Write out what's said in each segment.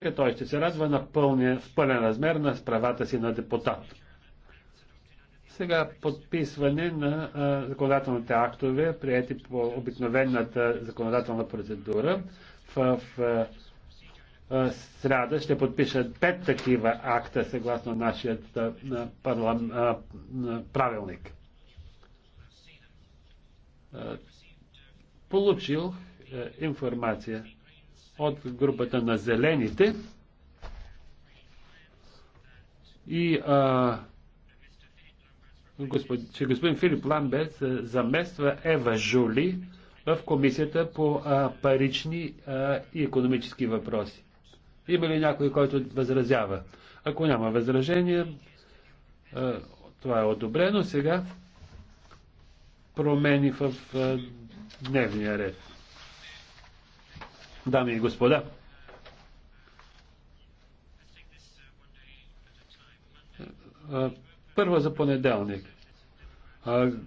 Е, той ще се радва на пълния, в пълен размер на правата си на депутат. Сега подписване на а, законодателните актове, прияти по обикновената законодателна процедура. В, в в среда ще подпишат пет такива акта, съгласно нашия парлам, а, правилник. А, получил а, е, информация от групата на зелените. И а, господ, че господин Филип Ламберт замества Ева Жули в комисията по а, парични а, и економически въпроси. Има ли някой, който възразява? Ако няма възражение, а, това е одобрено. Сега промени в а, дневния ред дами и господа. Първо за понеделник.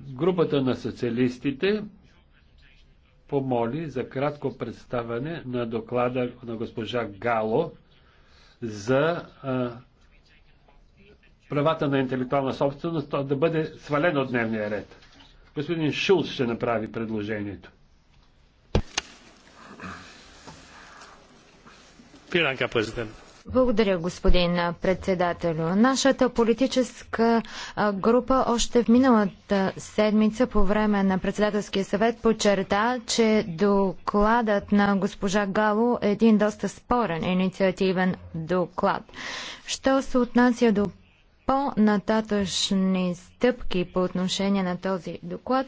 Групата на социалистите помоли за кратко представяне на доклада на госпожа Гало за правата на интелектуална собственост да бъде свалено от дневния ред. Господин Шулц ще направи предложението. Благодаря, господин председател. Нашата политическа група още в миналата седмица по време на председателския съвет подчерта, че докладът на госпожа Гало е един доста спорен инициативен доклад. Що се отнася до по-нататъчни стъпки по отношение на този доклад,